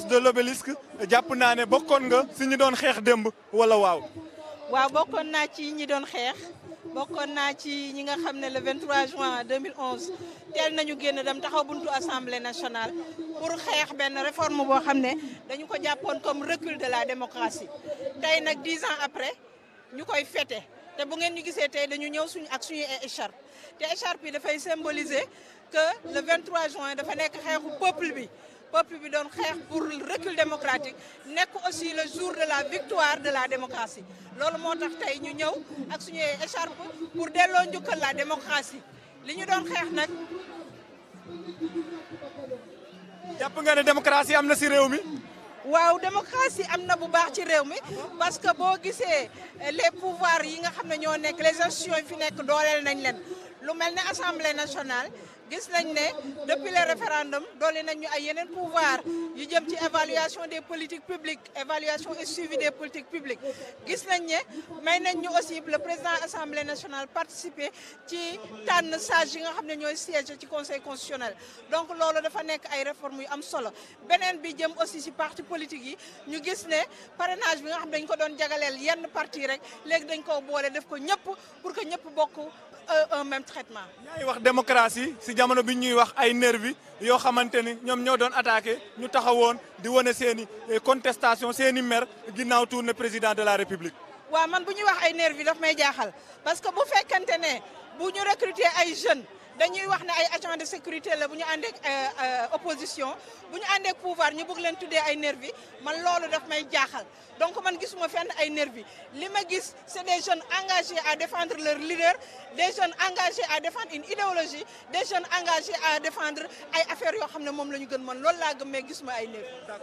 place de l'obélisque jàpp bokon nga si ñi doon xex demb wala waaw. waaw bokon na ci ñi doon xex bokon na ci ñi nga xam le 23 juin 2011 tel nañu génn dem taxaw buntu assemblée nationale pour xex ben réforme bo xam dañu ko jàppoon comme recul de la démocratie tay n'ak 10 ans après ñukoy koy té te bu ngeen ñu gisé tay dañu ñëw suñu ak suñu écharpe té écharpe yi fay symboliser que le 23 juin dafa nek xexu peuple bi peuple bi doon xex pour le recul démocratique nek aussi le jour de la victoire de la démocratie loolu motax tay ñu ñew ak suñu écharpe pour delloo njukkal la démocratie li ñu doon xeex nag. jàpp nga ne démocratie amna ci si réew mi. waaw démocratie amna bu baax ci réew mi parce que bo gisee les pouvoirs yi nga xamné ne ñoo nekk les institutions yi fi nek dooleel nañ len lu melni assemblée nationale gis nañ depuis le référendum nous avons ñu ay pouvoir yu évaluation des politiques publiques évaluation et suivi des politiques publiques Nous avons aussi le président de l'Assemblée nationale qui ci participé sage nga siège ci conseil constitutionnel donc nous avons nekk ay réformes yu am aussi ci parti politique nous avons gis un parrainage bi nga dañ ko parti rek léegi dañ ko pour que ñëpp bokk euh, un même traitement c'est une démocratie jamono bi ñuy wax ay nervi yoo xamante ni ñoom ñoo doon attaquer ñu taxawoon di wane seeni eh, contestation seeni i mer ginnaaw tourné président de la république. wa man bu ñuy wax ay nervi daf may jaaxal parce que bu fekkante ne bu ñu recruter ay jeunes dañuy wax des ay de sécurité la bu ñu àndeek euh, euh, opposition bu ñu àndeek pouvoir ñu bëgg leen tuddee ay nervi man loolu daf may jaaxal donc man gisuma fenn ay nervi li ma gis c'est des jeunes engagés à défendre leur leader des jeunes engagés à défendre une idéologie des jeunes engagés à défendre ay affaires yoo xam ne moom la ñu gën man